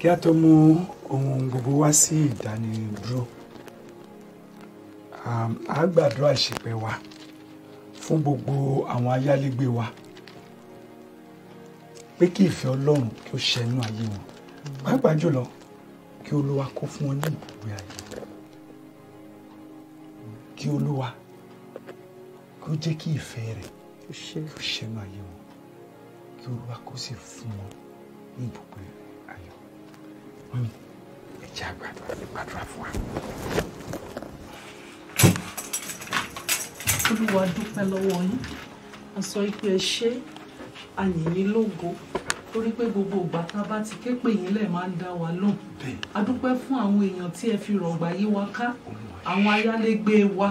kí a tó mú ohun gbogbo wá sí ìdánidúró a gbàdúrà ìṣèpẹ wa fún gbogbo àwọn ayálégbé wa pé kí ìfẹ́ Ọlọ́run kí ó ṣẹnu ayé wọn pàápàá jùlọ kí Olúwa kó fún wọn ní ìbùgbé ayé kí Olúwa kí ó jẹ́ kí ìfẹ́ rẹ̀ kí ó ṣẹnu ayé wọn kí Olúwa kó sì fún wọn ní ìbùgbé mọ́mí ẹ jẹ́ àgbàdúrà gbàdúrà fún wa. olúwa dúpẹ́ lọ́wọ́ yín a sọ pé ẹ ṣe àyìnyín lógo torí pé gbogbo ìgbà tá a bá ti ké pè yín lẹ̀ máa ń dá wa lóhùn a dúpẹ́ fún àwọn èèyàn tí ẹ fi rọ̀gbà yí wa ká àwọn ayálégbé wa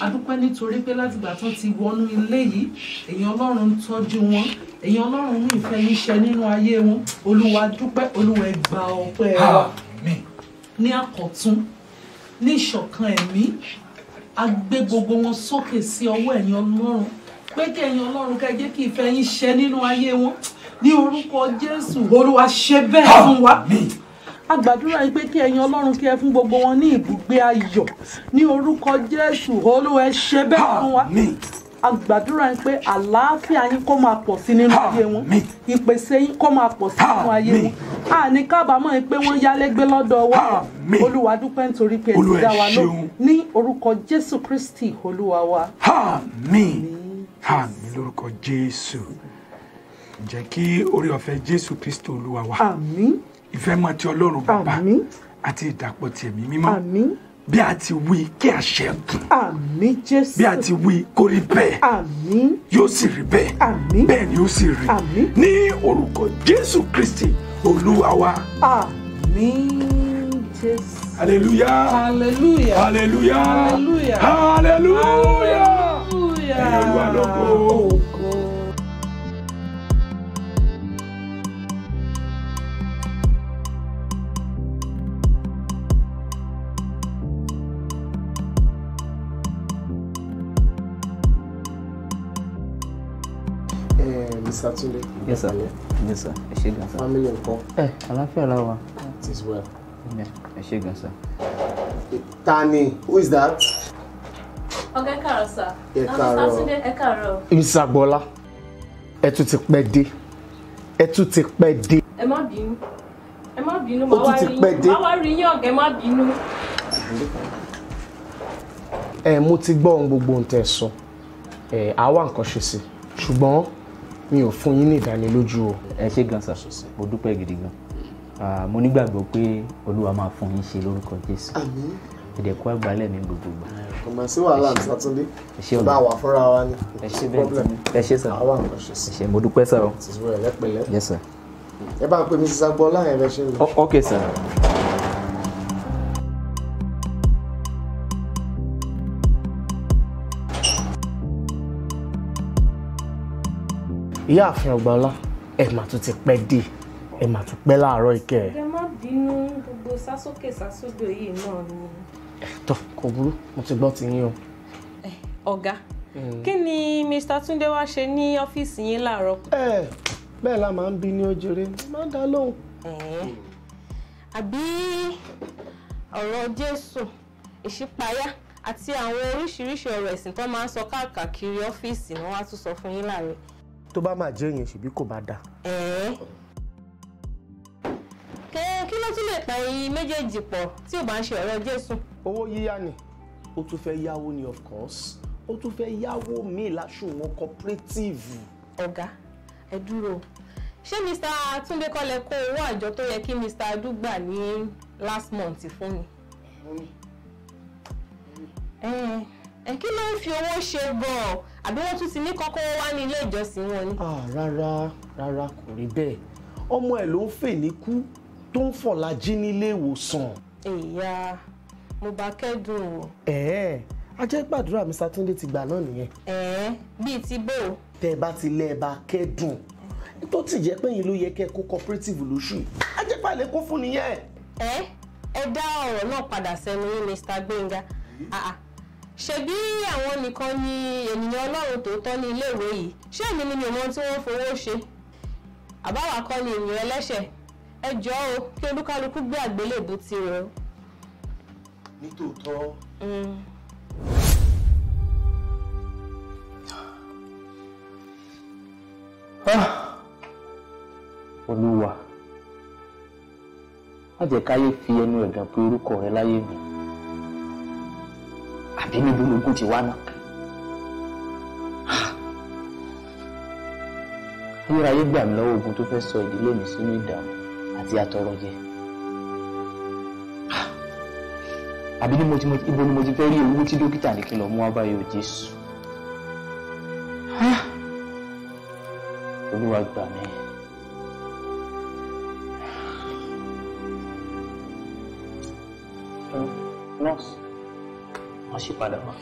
a nítorí pé látìgbà tó ti wọnú ilé yìí èèyàn ọlọ́run ń wọn èèyàn ọlọ́run ní ìfẹ́ yín ṣe nínú ayé wọn olúwa dúpẹ́ olúwa gba ọpẹ́ wa ní àkọ́tún ní ìṣọ̀kan ẹ̀mí a gbé gbogbo wọn sókè sí ọwọ́ ẹ̀yin ọlọ́run pé kí ẹ̀yin ọlọ́run ká jẹ́ kí ìfẹ́ yín ṣe nínú ayé wọn ní orúkọ jésù olúwa ṣe bẹ́ẹ̀ fún wa agbàdúrà yìí pé kí ẹ̀yin ọlọ́run kí ẹ fún gbogbo wọn ní ibùgbé ayọ̀ ní orúkọ jésù olúwa ṣe bẹ́ẹ̀ fún wa a gbàdúrà yín pé àlàáfíà yín kó máa pọ̀ sí nínú ayé wọn ìpèsè yín kó máa pọ̀ sí nínú ayé wọn àní kábàámọ̀ yín pé wọ́n yálégbé lọ́dọ̀ wa olúwa dúpẹ́ nítorí pé ẹ̀sìn dá wa lọ ní orúkọ jésù kristi olúwa wa. àmín àmín lórúkọ jésù jẹ́ kí orí ọ̀fẹ́ jésù kristi olúwa wa ìfẹ́ mọ́ ti ọlọ́run bàbá àti ìdàpọ̀ ti mímọ́ bí a ti wí kí a ṣẹ́gun. àmín jésù. bí a ti wí kó rí bẹ́ẹ̀. àmín. yóò sì rí bẹ́ẹ̀. àmín. bẹ́ẹ̀ ni yóò sì rí. àmín. ní orúkọ jésù kristi olúwa wa. àmín jésù. hallelujah. hallelujah. hallelujah. hallelujah. hallelujah. hallelujah. ẹ̀yin olúwa lọ́kọ̀ọ́. sir yes sir yes sir I shake gan sir. family ńkọ́. ẹ eh, àlàáfíà la wà. it is well. ẹ ṣé gan sir. tani who is that. Okay, Karo, sir. ẹ káàárọ̀ Tunde ẹ káàárọ̀. Mrs. Agboola ẹ tún ti pẹ́ dé Emma binu, ti pẹ́ dé. ẹ má Emma binu. Eh, bínú màá wá rí yín màá wá rí yín mo ti gbọ́ ohun gbogbo ohun tẹ́ sọ ẹ àá nǹkan ṣe sí ṣùgbọ́n mi ò fún yín ní ìdánilójú o. ẹ ṣé gan sà mo dúpẹ́ gidi gan mo nígbàgbọ́ pé olúwa máa fún yín ṣe lórúkọ jésù ìdẹ̀kú àgbálẹ̀ mi gbogbo gbà. kò mọ̀ sí wàhálà ní sátúndé bá wà fúnra wa ní problem ẹ ṣé sà àwa nǹkan ṣe sí. ẹ ṣé mo dúpẹ́ sà o. ìṣòro ẹ̀ lẹ́pẹ̀lẹ́ ẹ bá ń pè mí sísá gbọ́ láyẹn lẹ́ṣẹ̀ rẹ̀. ok sà. ìyáàfin ọgbàọlá ẹ mà tún ti pẹ́ dé ẹ mà tún pẹ́ láàárọ̀ ìkẹ́ ẹ. ẹ má bínú gbogbo sásókè sásódò yìí náà ni. tọ kò burú mo ti gbọ́ ti yín o. ọ̀gá hmm. kí ni Mr. Túndé wá ṣe ní ọ́fíìsì yín láàárọ̀. ẹ bẹ́ẹ̀ la máa ń bí ní ojúre máa ń dá lóhùn. Hmm. àbí ọ̀rọ̀ Jésù ìṣípayá àti àwọn oríṣiríṣi ọ̀rọ̀ ẹ̀sìn tó máa ń sọ káàkiri ọ́fíìsì ni wọ́n á tún sọ fún yín láàárọ̀ tó bá máa jẹ́ yẹn ṣèbí kò bá dà. kí ló tún lè pa ẹyin méjèèjì pọ̀ tí ò bá ń ṣe ọ̀rọ̀ Jésù. owó yíyá ni ó tún fẹ́ yáwó ni of course ó tún fẹ́ yáwó míì láṣùwọ̀n cooperative. ọ̀gá ẹ dúró ṣé Mr. Túndé kọ́lẹ̀ kó owó àjọ tó yẹ kí Mr. Adu gbà ní last month fún mi. ẹ kí ló ń fi owó ṣe gan-an àbí wọ́n tún ti ní kọ́kọ́ wá ní ilé ìjọsìn wọn ni. Ah, rárá rárá kò rí bẹ́ẹ̀ ọmọ ẹ̀ ló ń fè ní kú tó ń fọ̀la jí nílé ìwòsàn. ìyá mo bá kẹ́dùn o. ẹ̀ẹ́ a jẹ́ gbàdúrà mi sátúndé ti gbà náà nìyẹn. ẹ̀ẹ́ bíi ti bò. tẹ́ ẹ bá ti lẹ́ ẹ bá kẹ́dùn tó ti jẹ́ pé yín ló yẹ kẹ́ kó cooperative lóṣù yìí a jẹ́ pàlẹ́ kó fún nìyẹn. ẹ ẹ dá ọ̀rọ̀ náà padà sẹ́nu yín Mr. Gbénga. Mm -hmm. ah, ah ṣebí àwọn nìkan ni ènìyàn ọlọ́run tòótọ́ ní iléèwé yìí ṣé èmi ni mi ò mọ tí wọ́n fowó ṣe àbáwá kọ́ ni ènìyàn ẹlẹ́ṣẹ̀ ẹ jọ̀ọ́ o kí olúkálukú gbé àgbélébù tirẹ̀ o. nítòótọ́. Mm. Ah! olúwa má jẹ́ káyé fi ẹnu ẹ̀gàn pé orúkọ rẹ láyé mi èmi bológun ti wá náà. ayérayé gbà mí lọ́wọ́ ogun tó fẹ́ sọ ìdílé mi sínú ìdààmú àti àtọrọjẹ. àbí ní ibo ni mo ti fẹ́ rí owó tí dókítà ní kí n lọ mú wá báyìí ò Jésù. Olúwa gbà mí. nọ́ọ̀sì. masih pada mah.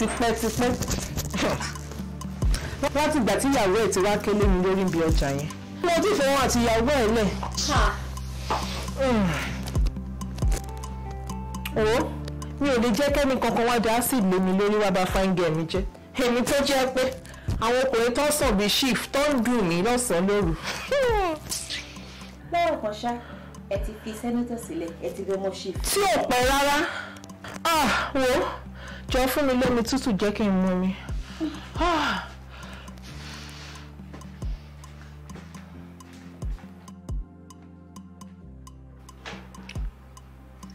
tipẹ́tipẹ́ láti ìgbà tí ìyàwó ẹ̀ ti wá kélé mi lórí ibi ọjà yẹn. mo ti fẹ́ wọn àti ìyàwó ẹ̀ lẹ̀. Hmm. o oh, mi ò lè jẹ́ kẹ́ni kankan wá dá sí ìlú mi lórí wá fáńgẹ̀ mi jẹ́ èmi tó jẹ́ pé àwọn ọkùnrin tó sàn bíi chief tó ń dùn mí lọ́sàn-án lóru. lọ́rọ̀ kan ṣá ẹ ti fi sẹ́nítọ̀ sílẹ̀ ẹ ti fi ọmọ chief. tí ò pẹ́ rárá ah wo jọ fún mi lómi tútù jẹ́ kí n mu mi.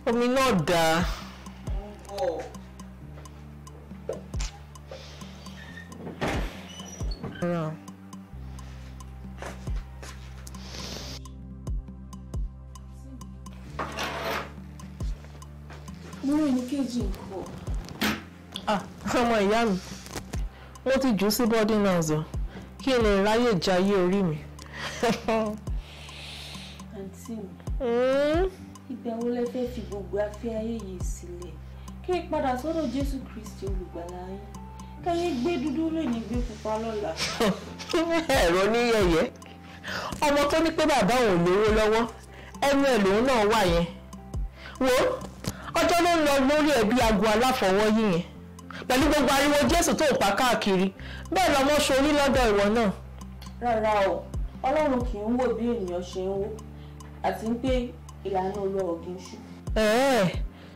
omi náà dáa. around. Mú ẹni kejì nǹkan. Ah, ọmọ ìyá mi mo ti jù sí bọ́dí náà zọ kí n lè ráyè jayé orí mi. àǹtí hmm? fi gbogbo afẹ́ ayé yìí sílẹ̀ kí padà sọ́dọ̀ Jésù Kristi olùgbàlà yín gbé dúdú lónìí gbé pupa lọ́la. ẹ̀rọ ọmọ tó ní pé bàbá òun lówó lọ́wọ́ ẹnu ẹ̀ lòun náà wà yẹn ọjọ́ ló ń lórí aago yẹn pẹ̀lú gbogbo ariwo jésù tó pa káàkiri bẹ́ẹ̀ lọ́mọ ṣorí lọ́dọ̀ ìwọ náà. rárá o ọlọ́run kì í wò bí ènìyàn ṣe ń wò àti pé ìlànà olóò kì í ṣú. ẹ̀ẹ́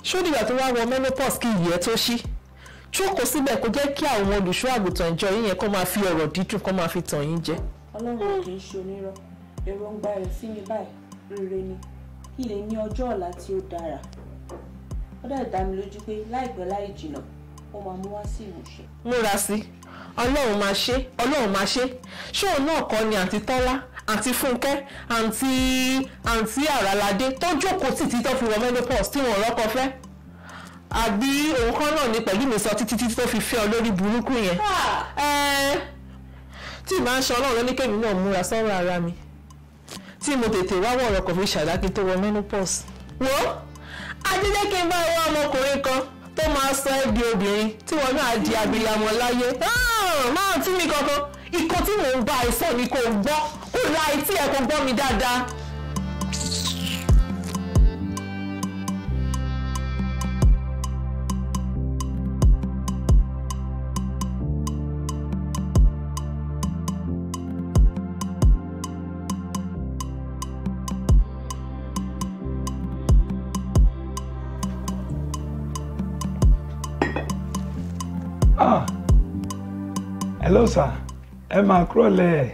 ṣódìgbà tó wá wọ menopause kí ìyẹ́ tó ṣí jókòó síbẹ̀ kó jẹ́ kí àwọn olùṣọ́ àgùntàn ìjọ yín yẹn kó máa fi ọ̀rọ̀ dídùn kó máa fi tàn yín jẹ. ọlọ́run kì í ṣe ó dẹ̀ dá mi lójú pé láìpẹ́ láì jìnnà ó máa mú wá sí ìmúṣẹ. múra sí ọlọ́run máa ṣe ọlọ́run máa ṣe ṣóun náà kọ́ ni àǹtí tọ́lá àǹtí fúnkẹ́ àǹtí àǹtí àràládé tó jókòó títí tó fi wọ menopause tí wọ́n rọ́kọ fẹ́ àbí òun kan náà ni pẹ̀lú mi sọ títí títí tó fi fẹ́ ọ lórí burúkú yẹn tí ì máa ń ṣe ọlọ́run ló ní kémi náà múra sọ́rọ̀ ara mi tí mo tètè wá wọ̀ ọ̀rọ̀ kò fi ṣàdákí tó wọ menopause wo adídé kí n bá wá ọmọkùnrin kan tó máa sọ ẹ́ di obìnrin tí wọ́n náà di abiyamọ láyé ah, máa tí mi kankan ikọ̀ tí mò ń bá ẹ sọ ni kò gbọ́ kó ra etí ẹ kò gbọ́ mi dáadáa. ah hello sir Emma Crowley. kúrò lẹ́ẹ̀.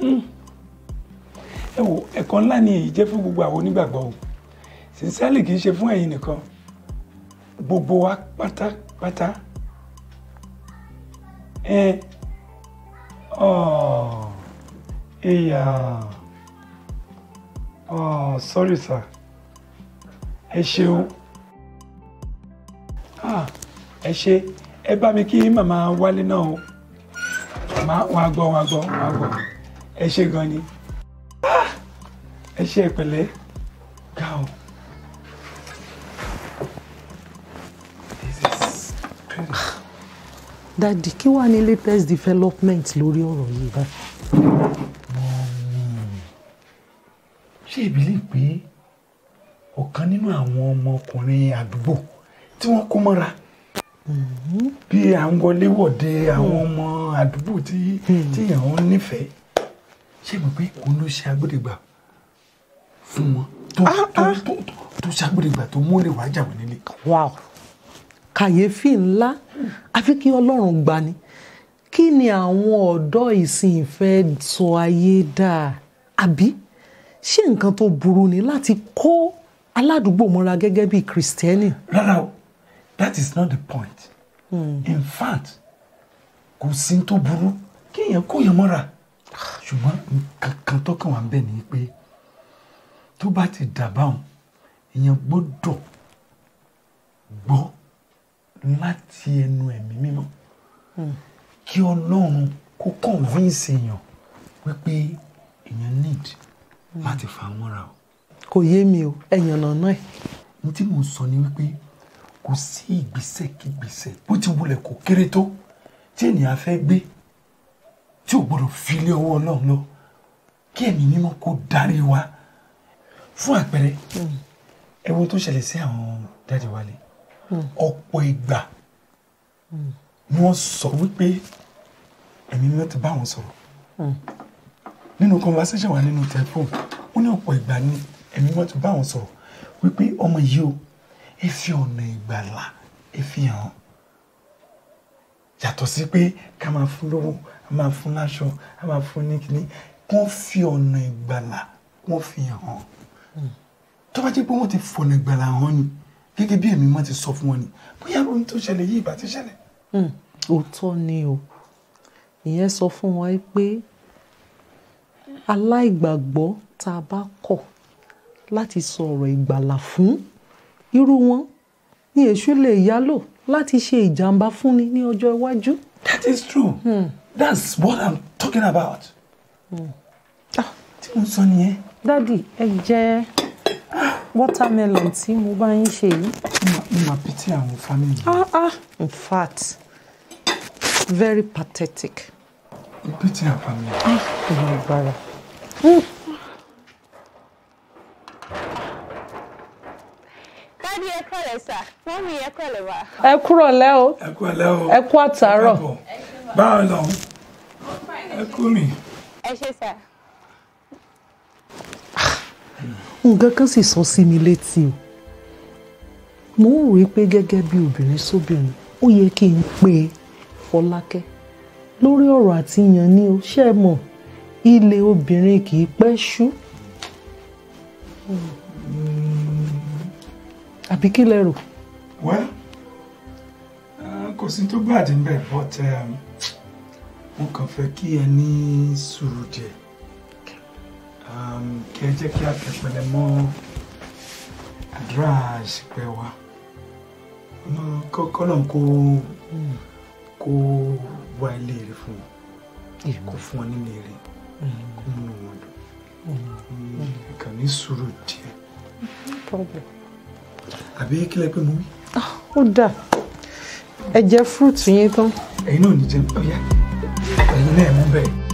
Hmm. ẹ wo ẹ̀kọ́ ńlá ni èyí jẹ́ fún gbogbo àwọn onígbàgbọ́ o sincerely kì í ṣe fún ẹ̀yin nìkan gbogbo wa pátápátá ẹ ọ̀ọ́ ìyá oh sorry sir ẹ ṣeun ah ẹ ṣe ẹ bá mi kí màmá wálé náà o màmá wọn àgbọ wọn àgbọ wọn àgbọ ẹ ṣe gan ni ah, ẹ ṣe ẹ pẹ̀lẹ́ ga kí wàá ní latest development lórí ọ̀rọ̀ yìí báyìí ṣé ìbílí pé ọ̀kan nínú àwọn ọmọkùnrin àdúgbò tí wọ́n kó mọ́ra mm-hmm. bí à ń wọlé wọ̀de mm. àwọn ọmọ àdúgbò mm. tí èèyàn ń nífẹ̀ẹ́ ṣé ìbí pé òun ló ṣe agbódegbà fún wọn tó ah, ah. ṣe agbódegbà tó múlẹ̀ wá jà wọ́n nílé. kàyéfì ńlá àfi kí ọlọ́run gbani kí ni àwọn ọ̀dọ́ ìsìn ìfẹ́ sọ ayé dáa àbí ṣé nǹkan tó burú ni láti kó aládùúgbò mọ́ra gẹ́gẹ́ bí Kristẹni. rárá o that is not the point. Mm. in fact kò sí tó burú kéèyàn kóyàn mọ́ra ṣùgbọ́n nǹkan kan tó kàn wá ń bẹ̀ ni pé tó bá ti dà báwọn èèyàn gbọ́dọ̀ gbọ́ láti ẹnu ẹ̀mí mímọ́ hmm. kí ọlọ́run kó convince èèyàn wípé èèyàn need má ti fa wọn ra o. kò yé mi o ẹ̀yàn nànà ẹ̀. mo tí mò ń sọ ni wípé kò sí ìgbésẹ̀ kí ìgbésẹ̀ bó ti wulẹ̀ kó kéré tó tí ènìyàn fẹ́ gbé tí ò gbọ́dọ̀ fi lé ọwọ́ ọlọ́run lọ kí ẹ̀mí mímọ́ kó darí wa fún àpẹẹrẹ hmm. ẹ wo tó ṣẹlẹ̀ sí àwọn dáàdì wálé hmm. ọ̀pọ̀ ìgbà hmm. ni wọ́n sọ wípé ẹ̀mí mímọ́ ti bá wọn sọ̀rọ̀ nínú conversation wa nínú telephone ó ní ọ̀pọ̀ ìgbà ni ẹ̀mí wọn ti bá wọn sọ̀rọ̀ wípé ọmọ yìí o ẹ fi ọ̀nà ìgbàlà ẹ fi hàn yàtọ̀ sí pé ká máa fún lówó a máa fún láṣọ a máa fún ní kíní kó fi ọ̀nà ìgbàlà kó fi hàn hmm. tó bá jẹ́ pé wọ́n ti fọ̀nà ìgbàlà hàn ni gẹ́gẹ́ bí ẹ̀mí wọn ti sọ fún wọn ni bóyá ohun tó ṣẹlẹ̀ yìí ìbá ti ṣẹlẹ̀. Hmm. òótọ́ ni o ìyẹn sọ fún wọn pé aláìgbàgbọ́ tá a bá kọ̀ láti sọ ọ̀rọ̀ ìgbàlà fún irú wọn ni èṣù lè yálò láti ṣe ìjàmbá fúnni ní ọjọ́ iwájú. that is true hmm. that's what i'm talking about. Hmm. Ah, tí mo sọ nìyẹn. dádì ẹ jẹ watermelon tí mo bá ń ṣe yìí. mo máa pity àwọn family. ah ah in fact very pathetic. mo pity àwọn family. ah ìmọ̀ ìgbára dádì ẹ kúrọ̀lẹ́ sà mọ́mí ẹ kúrọ̀lẹ́ wá. ẹ kúrọ̀lẹ́ o ẹ kúrọ̀lẹ́ o ẹ kú àtàárọ̀ báwo lọ ẹ kú mi. ẹ ṣe sà. nǹkan kan sì sọ sí mi létí o mo ń rò pé gẹ́gẹ́ bí obìnrin sóbìnrin ó yẹ kí n pe Fọlákẹ́ lórí ọ̀rọ̀ àti yan ni o ṣe é mọ̀ ilé obìnrin kì í pẹ́ ṣú àbí kí lẹ rò. well uh, kò sí tó bad ń bẹ̀ but um, mo kàn fẹ́ kí ẹ ní sùúrù díẹ̀ um, kí ẹ jẹ́ kí a tẹ̀pẹ̀lẹ̀ mọ́ àdúrà àṣìpẹ́ wa kọ́lọ̀ kó kó wá ilé rẹ̀ fún ọ kó fún ọ nílé rẹ̀ kàn ní sùúrù díẹ̀. àbí kí lẹ pé mo wí. Ah, ó dà ẹ jẹ fúrúùtù yín tán. ẹ̀yin náà ò ní jẹun ọyá ẹ̀yin náà ẹ mú bẹ́ẹ̀.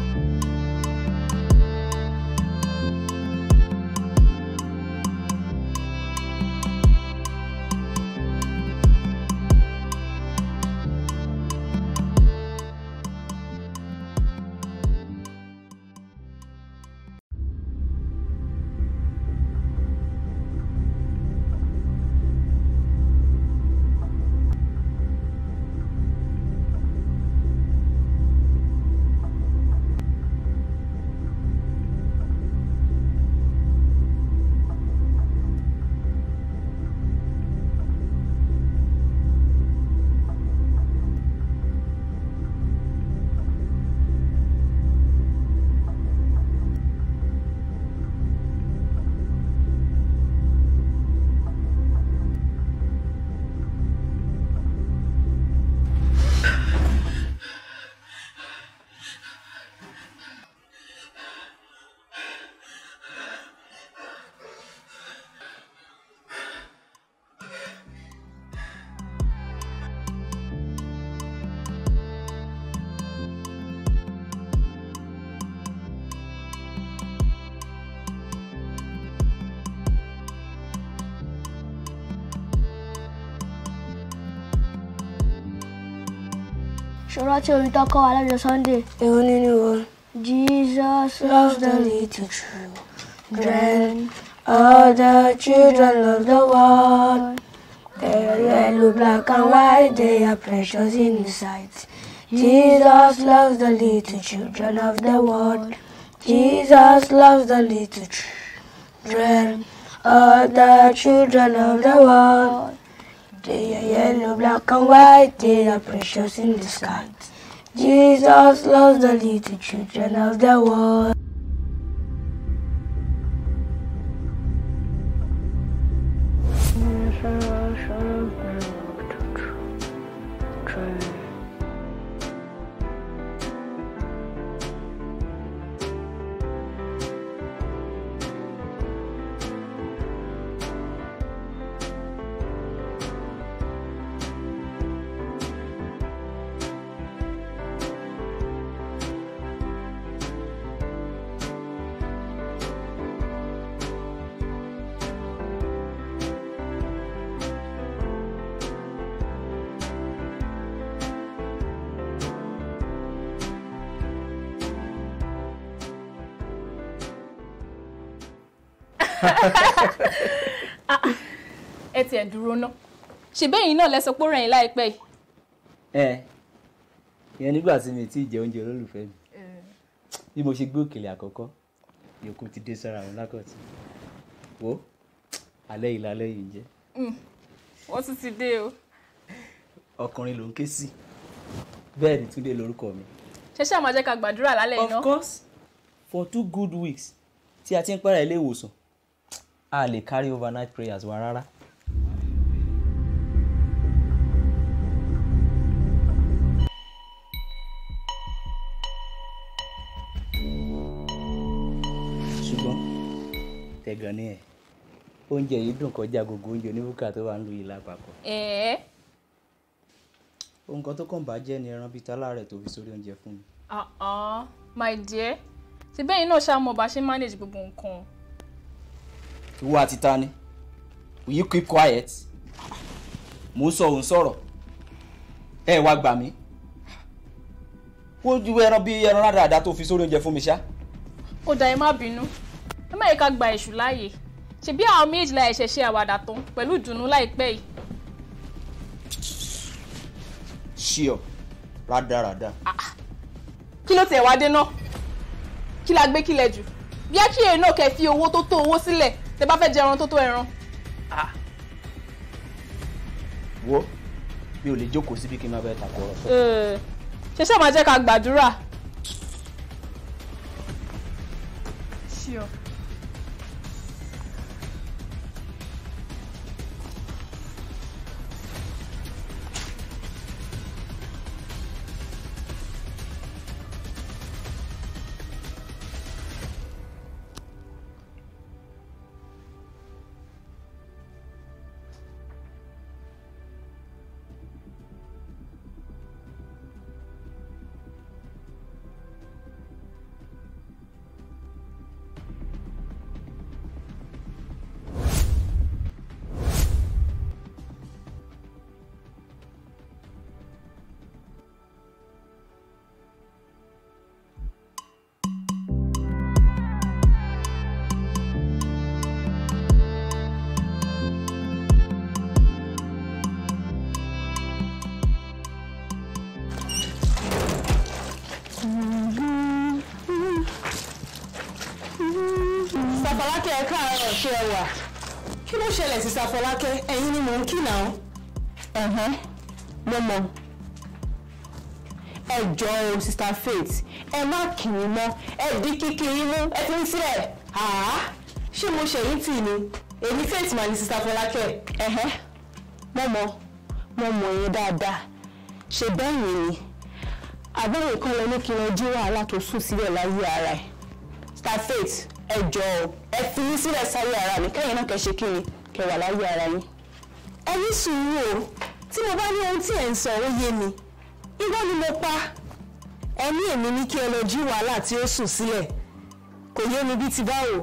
Ṣọlá tí orin tọ́kọ́ wa lọ́jọ́ Sunday. Èwo nínú wọn. Jesus loves the little children. All the children of the world. They're yellow, black and white. They are precious in His sight. Jesus loves the little children of the world. Jesus loves the little children. All the children of the world. They are yellow, black and white, they are precious in the sky. Jesus loves the little children of the world. dúró ná ṣèbẹ́yìn náà lẹ́sọ pé ó rẹ̀yìn láìpẹ́ yìí. ẹ ìyẹn nígbà tí mi ti jẹ oúnjẹ olólùfẹ́ mi bí mo ṣe gbé òkèlè àkọ́kọ́ yòókù ti dé sára àwọn lákọ̀tì wo alẹ́ yìí lálẹ́ yìí jẹ́. wọ́n hmm, tún ti dé o. ọkùnrin ló ń ké sí bẹ́ẹ̀ ni Túndé lórúkọ mi. ṣé ṣáà máa jẹ́ ká gbàdúrà lálẹ́ yìí of course for two good weeks tí a ti ń pẹ́rẹ́ ilé ìwòsàn a lè carry overnight prayers wa rárá. oúnjẹ yìí dùn kọjá gbogbo oúnjẹ oníbùkà tó wà nílùú yìí lápapọ̀. ẹ̀ẹ́. nǹkan tó kàn bàjẹ́ ni ẹran bíi tálá rẹ̀ tó fi sórí oúnjẹ fún mi. my dear ti bẹ́ẹ̀ náà ṣá mọ̀ bá ṣe manage gbogbo nǹkan. ìwọ àti ta ni will you keep quiet mò ń sọ òun sọ̀rọ̀ ẹ wá gbà mí wọ́n ju ẹran bíi ẹran rádàràdà tó fi sórí oúnjẹ fún mi ṣá. ó dà ẹ má bínú ẹ má yẹ ká gba èṣù láàyè ṣe bí àwọn méjì la ẹ̀ṣẹ̀ ṣe àwàdà tán pẹ̀lú ìdùnnú láìpẹ́ yìí. ṣíọ rádaràda. Ah, kí ló tẹ̀ wá dé náà kí la gbé kílẹ̀ jù bí ẹ kíyè náà kẹ́ fi owó tó tó owó sílẹ̀ tẹ́ bá fẹ́ jẹ ẹran tó tó ẹran. Ah. wo mi ò lè jókòó síbi kí n máa bẹ tàkọ ọ̀rọ̀ sọ. Eh, ṣe ṣáà máa jẹ́ ká gbàdúrà. ṣíọ. Sure. fọlákẹ́ ẹ̀ka àárọ̀ ṣe ẹ wà. kí ló ṣẹlẹ̀ sísá fọlákẹ́ ẹ̀yin ni mò ń kí náà. ẹ̀hẹ́ mo mọ̀ ẹ jọ̀ọ́ o sísá faith ẹ má kì í mọ́ ẹ di kíkì yín ẹ fi ń sílẹ̀ àá ṣé mo ṣèyí tì ní èmi faith mà ní sísá fọlákẹ́. ẹ̀hẹ́ mo mọ̀ mo mọ̀ yín dáadáa ṣe bẹ́ẹ̀ yẹn ni àbúrò ìkọlẹ̀ ní kí n lọ jí wàhálà tó sùn sílẹ̀ láyé ara ẹ̀. Star Faith ẹ jọ̀ọ́ ẹ fi mí sílẹ̀ sáyé ara mi kẹ́yìn náà kẹ́ ṣe kí ni kẹ́ wà láyé ara yín. ẹ ní sùúrù o tí mo bá ní ohun tí ẹ̀ ń sọ ó yé mi irọ́ ni mo pa ẹ ní èmi ní kí ẹ lọ jí wàhálà tí ó sùn sílẹ̀ kò yé mi bí ti báwo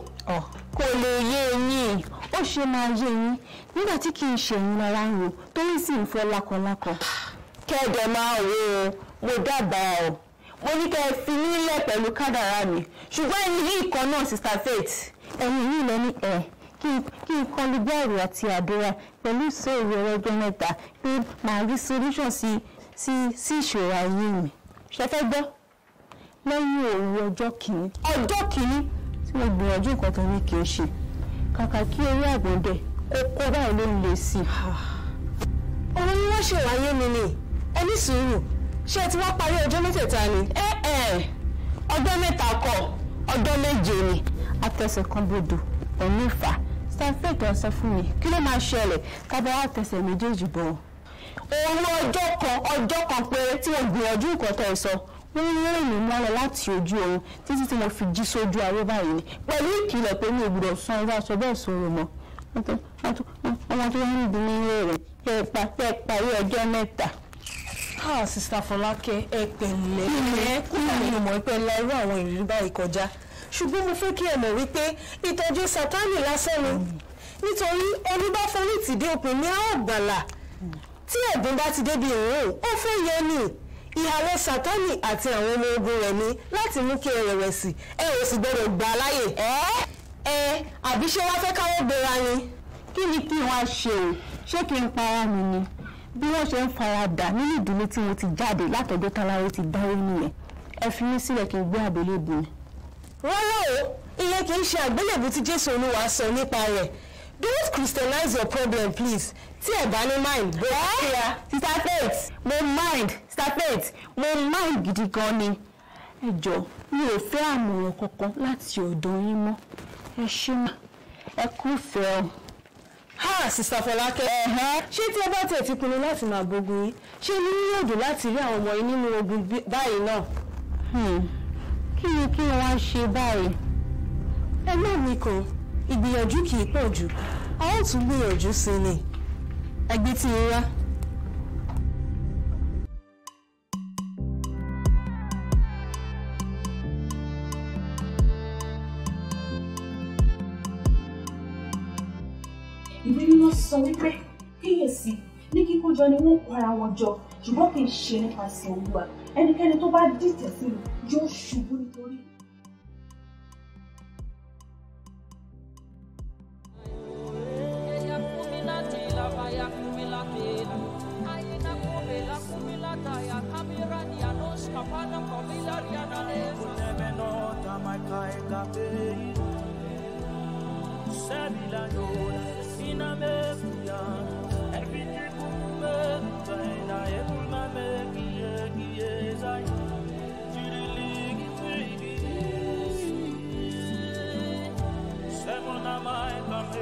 kò lè yé yín ó ṣe máa yé yín nígbà tí kì í ṣe yín lára ń ro torí sì ń fọ́ lákọlákọ. kẹ́ẹ̀dẹ̀ máa wo mo dábàá o mo ní kẹ́ ẹ fi mí lẹ̀ pẹ̀lú kádàrá mi ṣùgbọ́n ẹni yìí kan náà sister faith ẹ̀yin yìí lọ ní ẹ̀ kí n kọ́ lu bẹ́ẹ̀rù àti àdúrà pẹ̀lú ìṣòro ọlọ́jọ́ mẹ́ta pé màá rí solution sí sí ìṣòro ayé mi ṣe fẹ́ gbọ́ lẹ́yìn òru ọjọ́ kìíní ọjọ́ kìíní tí mo gbìyànjú nǹkan tó ní kì í ṣe kàkà kí orí àgbọ̀ndẹ̀ kókó báyìí ló ń le sí i. òun ni wọ́n ṣe wáyé mi ni ẹ ní sùúrù ṣé ẹ ti wá parí ọjọ́ mẹ́tẹ̀ẹ̀ta ni. ẹ ẹ ọjọ́ mẹ́ta kọ ọjọ́ méje ni tẹsẹ̀ kan bodò òun ìfà stanford ọ̀sán sọ fún mi kí ló máa ṣẹlẹ̀ kábọ̀ wá tẹsẹ̀ méjèèjì bọ̀ owó ọjọ́ kan ọjọ́ kan péré tí mo gbìyànjú nǹkan tẹ̀ sọ wọ́n ń rìn mí mọ́lẹ̀ láti ojú oorun títí tí mo fi jí sójú ayé báyìí ni pẹ̀lú ìkìlọ̀ pé mi ò gbọdọ̀ san irú aṣọ bẹ́ẹ̀ sọ̀rọ̀ mọ́ ọmọ tó ń bí mi léèrè ẹ pa ẹ parí ọjọ́ mẹ́ta. ah sista Fọlákẹ́ ẹ pẹ̀lẹ́ ẹ kúrò nínú mọ̀ ẹ pẹ́ la irú àwọn ìrírí báyìí kọjá ṣùgbọ́n mo fẹ́ kí ẹ mọ̀ wípé ìtọ́jú sátánì lásán ni nítorí olúbáforí ti dé òpin ní àgbàlá tí ẹ̀bùn bá ti débi ìrún ó fẹ́ yẹ ni ìhàlẹ̀ sátánì àti àwọn ọmọ ogun rẹ̀ ni láti mú kí ẹ rẹ̀wẹ̀sì ẹ ò sì gbọdọ̀ gbà á láyè. ẹ ẹ àbí ṣé wàá fẹ́ káwọ́ gbéra ni. kí ni kí wọ́n á ṣe o ṣé kí n pa ara mi ni bí wọ́n ṣe ń faradà nínú ìdílé tí mo ti jáde látọ̀dọ̀ tálárí ti dáwé nìyẹn ẹ fi mí sílẹ̀ kí n gbé àbẹ̀lẹ̀ bùn mi rárá o ìyẹn kì í ṣe àgbélébù tí jésù olúwa sọ nípa rẹ̀ don't crystallize your problem please tí ẹ bá ní mind. bẹ́ẹ̀ Sister faith mo mind Sister faith mo mind gidi gan ni ẹ jọ mi ò fẹ́ àmọ̀ràn kankan láti ọ̀dọ̀ yín mọ́ ẹ ṣé mà ẹ kú fẹ́ ọ. ha sista fọlákẹ́ ṣé tí ẹ bá tẹ̀ ti pinnu láti máa gbógun yín ṣé ní yóò dùn láti rí àwọn ọmọ yín nínú ogun báyìí náà. Hmm kí ni kí ni wọ́n ṣe báyìí. ẹgbẹ́ mi kò ìgbìyànjú kì í pọ̀ jù a ó tún gbìyànjú sí ni ẹgbẹ́ tí ń rá. ìwé mímọ́ sọ wípé kíyèsí ní kíkójọ ni wọ́n kó ara wọn jọ ṣùgbọ́n kì í ṣe nípasẹ̀ olúwa. ẹnikẹ́ni tó bá dìtẹ̀ sí mi yóò ṣubú nítorí. Sabila yo, sina me fuya.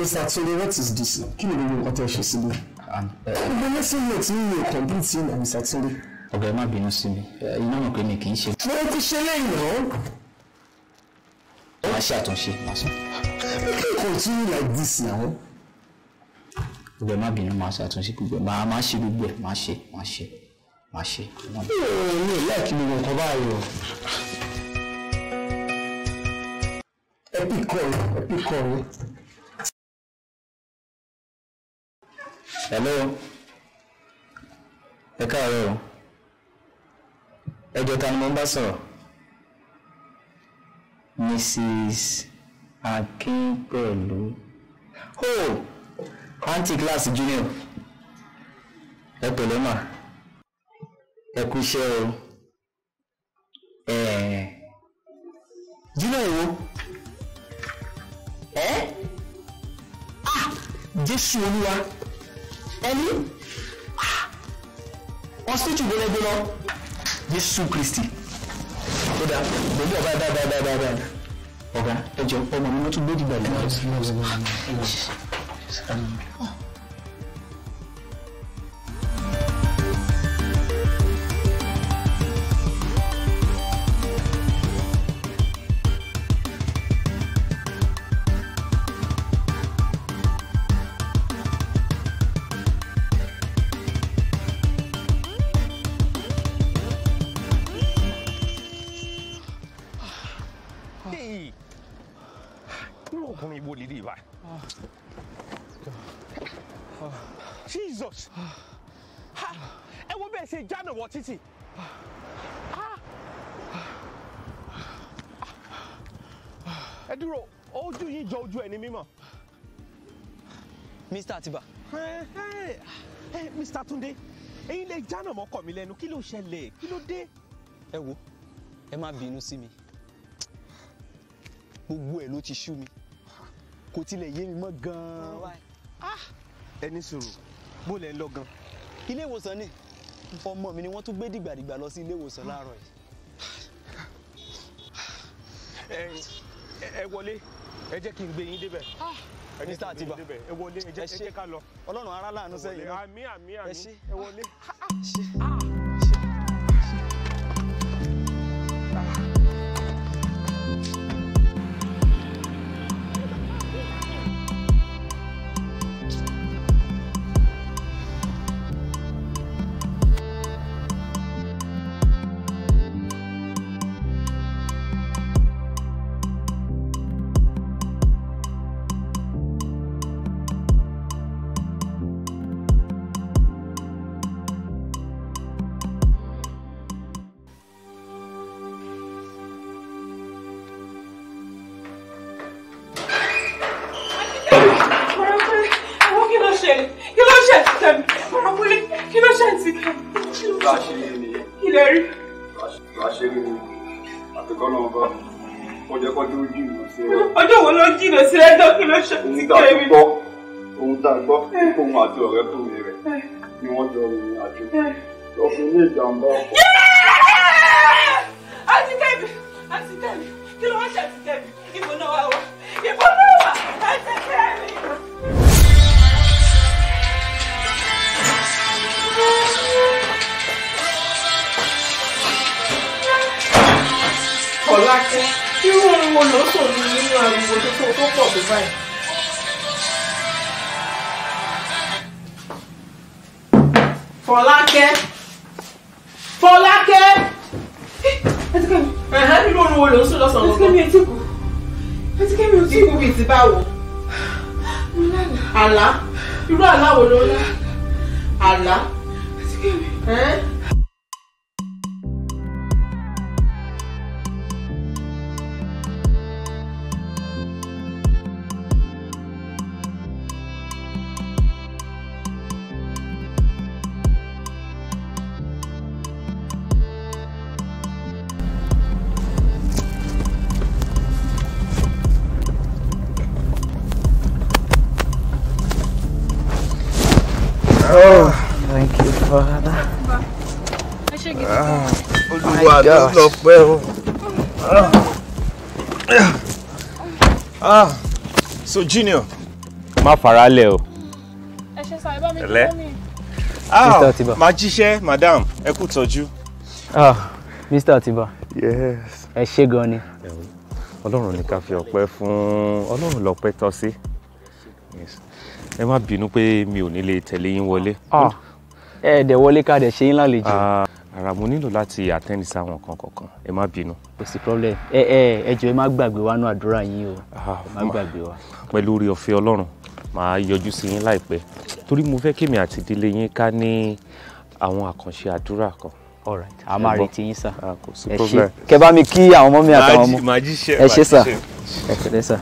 Mr. Tony, what is this now? Kí ni gbogbo nǹkan tẹ́ ṣe sílẹ̀? Um, gbogbo lesson note mi yóò complete na Mr. Tony. Ọ̀gá ẹ má bínú sí mi, iná mọ̀ pé mi kì í ṣe. Mo ti ṣe lẹ́yìn náà. Màá ṣe àtúnṣe, màá sọ. Continue like this now. Ọ̀gá ẹ má bínú, màá ṣe àtúnṣe gbogbo ẹ̀, máa ṣe gbogbo ẹ̀, màá ṣe, màá ṣe, màá ṣe. Mi ò láìkí gbogbo nǹkan báyìí o. Ẹ bí kọ̀ọ̀rọ̀, ẹ hello ẹ káàárọ̀ o ẹ jọ̀ọ́ ta ni mo ń bá sọ̀rọ̀ mrs akínpẹ̀lú oh aunty class junior ẹ pẹ̀lẹ́ mà ẹ kú iṣẹ́ o junior wo ẹ ah jésù olúwa ẹni ọsítù ah! gbọ́dọ̀ gbé lọ Jésù Kristi ó dáa gbogbo ọba dáa dáa dáa dáa ọ̀gá ẹ̀jọ̀ ọmọ mi ló tún gbé dìgbà lẹ́yìn. Um, àtibá. Mr. Túndé èyí lè jánà mọ́kọ̀ mi lẹ́nu kí ló ṣẹlẹ̀ kí ló dé. ẹ wo ẹ má bínú sí mi gbogbo ẹ ló ti sú mi kò tilẹ̀ yé mi mọ́ gan-an. Ah! ẹni sòrò bó lẹ ń lọ gan. ilé ìwòsàn ni ọmọ mi ni wọ́n tún gbé dìgbàdìgbà lọ sí ilé ìwòsàn láàárọ̀ yìí. ẹ ẹ wọlé ẹ jẹ́ kí n gbé yín débẹ̀. Ah! mr Atiba ẹ wọlé ẹ ká lọ Ọlọ́run aráàlú sẹ́yìn náà ẹ ṣé ẹ wọlé. Ah, ah. Yeah. Father. Ah, oh Olúwa ló lọ pẹ́ o. Ah, so Junior. Má faralẹ̀ o. Ẹ ṣe sáré bá mi kí lómi. Mr. Atiba. Màá jíṣẹ́ madam ẹ kú tọ́jú. Ah, Mr. Atiba. Yes. Ẹ ṣé gan ni. Ọlọ́run ni ká fi ọpẹ́ fún Ọlọ́run lọ́pẹ́ tọ́ sí. Ẹ má bínú pé mi ò ní lè tẹ̀lé yín wọlé. Ah ẹ dẹ̀ wọlé ká dẹ̀ ṣe yín lálejò. Ah, ara mo nílò láti àtẹ́ni sáwọn kan kọ̀ọ̀kan ẹ má bínú. kò sí problem ẹ ẹ ẹ jọ̀ọ́ ẹ má gbàgbé wa nú àdúrà yín o ah, ẹ má gbàgbé wa. pẹ̀lú orí ọ̀fẹ́ ọlọ́run màá yọjú sí yín láìpẹ́ torí mo fẹ́ kémi àti ìdílé yín ká ní àwọn àkànṣe àdúrà kan alright a máa retí yín sá ah, ẹ ṣé kẹ bá mi kí àwọn ọmọ mi àtàwọn ọmọ ẹ ṣé sá ẹ ṣé sá.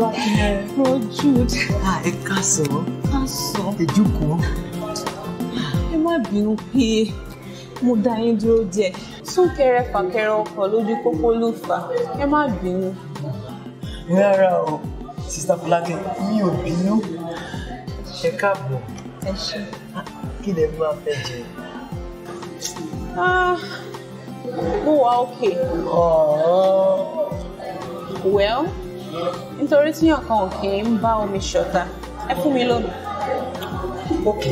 Ọlákúnlé. Rojude. Ẹ káàsán. Káàsán. Ẹ jókòó. Ẹ má bínú pé mo dá yín dúró díẹ̀. Súnkẹrẹ fàkẹrẹ ọkọ̀ lójú pópó ló fà. Ẹ má bínú. Rárá o, Sista Fọlákẹ́, mi ò bínú. Ẹ káàbọ̀. Ẹ ṣé. Kí lè máa fẹ́ jẹ? Mo wà ókè. Well nítorí tíyàn kan ò kì í ń bá omi ṣọ̀tá ẹ fún mi lómi. ok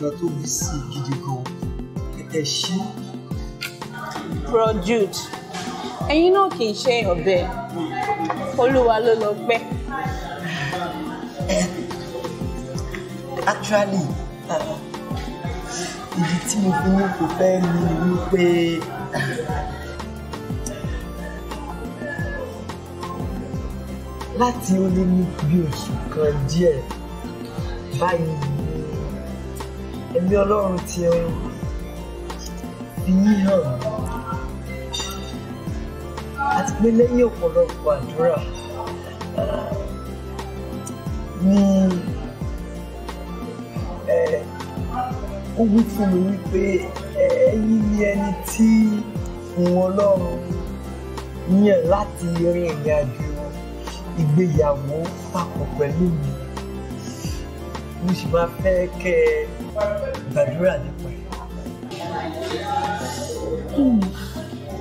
kan tó bí sí gidi gan ẹ ṣe. bro jude ẹ̀yin náà kì í ṣe ọ̀bẹ olúwa ló lọ gbẹ́. actually ìdí tí mo fi ní kò fẹ́ ni wípé. láti ó lé ní bí oṣù kan díẹ̀ báyìí ẹ̀mí ọlọ́run ti ẹ o fi yín hàn mí àti pé lẹ́yìn ọ̀pọ̀lọpọ̀ àdúrà ni ó wí fún mi wípé ẹ̀yin ni ẹni tí òun ọlọ́run yàn láti rin ìrìn àjò ìgbéyàwó papọ̀ pẹ̀lú mi mo sì máa fẹ́ kẹ́ ẹ gbàdúrà nípa ẹ̀.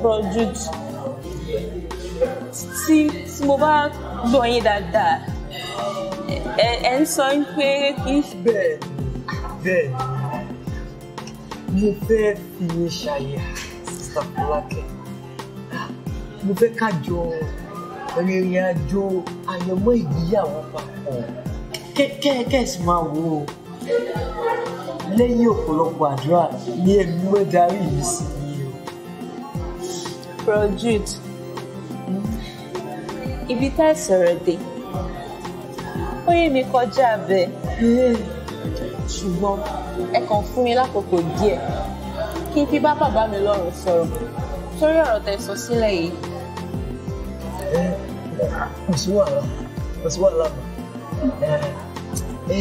Bọ́júd tí tí mo bá gbọ́ yín dáadáa ẹ ẹ ń sọ pé kí. Bẹ́ẹ̀ bẹ́ẹ̀ mo fẹ́ fi yín ṣàyà Sàfúlákẹ́ mo fẹ́ ká jọ àjò àyẹ̀mọ́ ìgbéyàwó papọ̀ kẹ́kẹ́ kẹ́sì máa wò ó lẹ́yìn ọ̀pọ̀lọpọ̀ àdúrà ní ẹ̀mí mọ́ darí yìí sí i o. Projid ibi tá ẹ sọ̀rọ̀ dé ó yé mi kọjá bẹ́ẹ̀ ṣùgbọ́n ẹ kàn fún mi lákòókò díẹ̀ kí n fi bá bàbá mi lọ́rùn sọ̀rọ̀ torí ọ̀rọ̀ tẹ́ sọ sílẹ̀ yìí. ẹ kò sí wàhálà kò sí wàhálà mọ́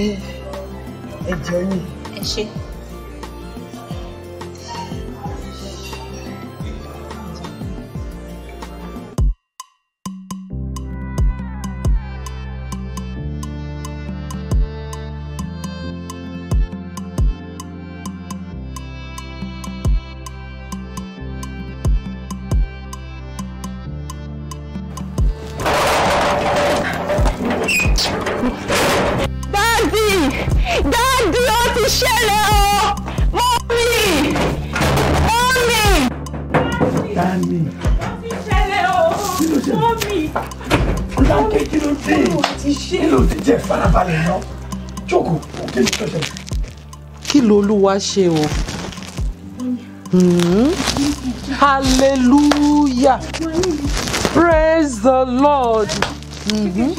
ẹ. a journey. ẹ she? wá ṣe o hmm. hallelujah praise the lord mm-hmm.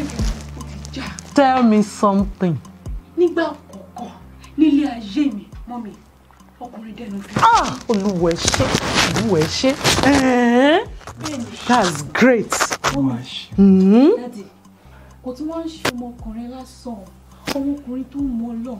tell me something. nígbà kọ̀ọ̀kan nílé ayé mi mọ́ mi ọkùnrin dẹnu fi. ah olúwa ẹ ṣé olúwa eh? that's great. Hmm. kò tún wá ń ṣe ọmọkùnrin lásán ọmọkùnrin tó mọ Ọlọ́run